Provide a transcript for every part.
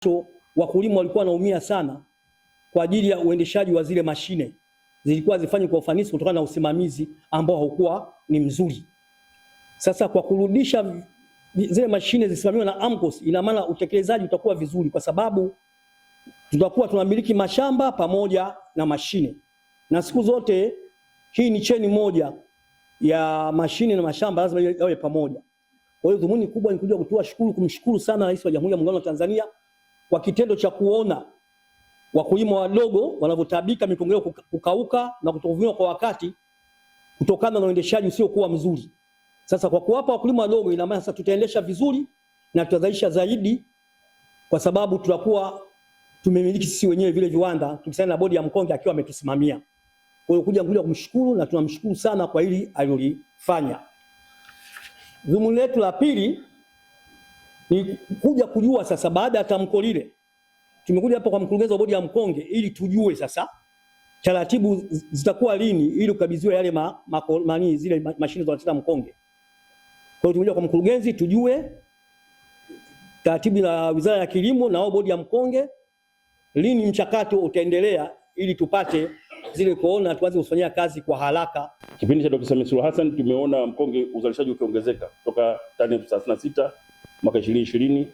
to wakulima walikuwa wanaumia sana kwa ajili ya uendeshaji wa zile mashine, zilikuwa zifanywe kwa ufanisi kutokana na usimamizi ambao haukuwa ni mzuri. Sasa kwa kurudisha zile mashine zisimamiwe na AMCOS, ina maana utekelezaji utakuwa vizuri, kwa sababu tutakuwa tunamiliki mashamba pamoja na mashine, na siku zote hii ni cheni moja ya mashine na mashamba, lazima yawe pamoja. Kwa hiyo dhumuni kubwa ni kuja kutoa shukuru, kumshukuru sana Rais wa Jamhuri ya Muungano wa Tanzania kwa kitendo cha kuona wakulima wadogo wanavyotabika mikongo yao kukauka na kutovuniwa kwa wakati kutokana na uendeshaji usiokuwa mzuri. Sasa kwa kuwapa wakulima wadogo, ina maana sasa tutaendesha vizuri na tutazalisha zaidi, kwa sababu tutakuwa tumemiliki sisi wenyewe vile viwanda, tukisaini na bodi ya Mkonge akiwa ametusimamia. Kwa hiyo kuja kuja kumshukuru na tunamshukuru sana kwa hili alilolifanya. Dhumuni letu la pili ni kuja kujua sasa, baada ya tamko lile, tumekuja hapa kwa mkurugenzi wa bodi ya mkonge ili tujue sasa taratibu zitakuwa lini ili ukabidhiwe yale ma, ma, mani, zile mashine za kuchota mkonge. Kwa hiyo tumekuja kwa mkurugenzi tujue taratibu na Wizara ya Kilimo na wao bodi ya mkonge lini mchakato utaendelea ili tupate zile kuona tuanze kufanyia kazi kwa haraka. Kipindi cha Dr. Samia Suluhu Hassan tumeona mkonge uzalishaji ukiongezeka toka tani elfu thelathini na sita mwaka 2020.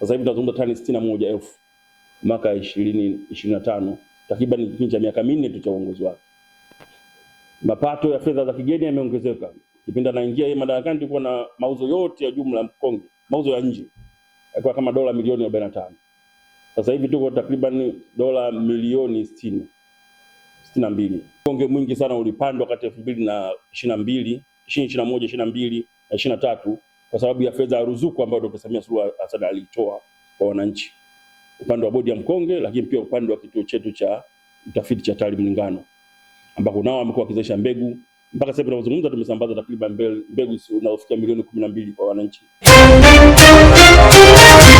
Sasa hivi tunazungumza tani 61000 mwaka 2025, takriban kipindi cha miaka minne cha uongozi wake. Mapato ya fedha za kigeni yameongezeka. Kipindi anaingia yeye madarakani, tulikuwa na mauzo yote ya jumla mkonge, mauzo ya nje yalikuwa kama dola milioni 45. Sasa hivi tuko takriban dola milioni 60 62. Mkonge mwingi sana ulipandwa kati ya 2022, 2021, 22 na 23 kwa sababu ya fedha ya ruzuku ambayo Dr. Samia Suluhu Hassan alitoa kwa wananchi upande wa bodi ya mkonge, lakini pia upande wa kituo chetu cha utafiti cha TARI Mlingano, ambako nao wamekuwa wakizalisha mbegu mpaka sasa tunazungumza, tumesambaza takriban mbegu zinazofikia milioni kumi na mbili kwa wananchi.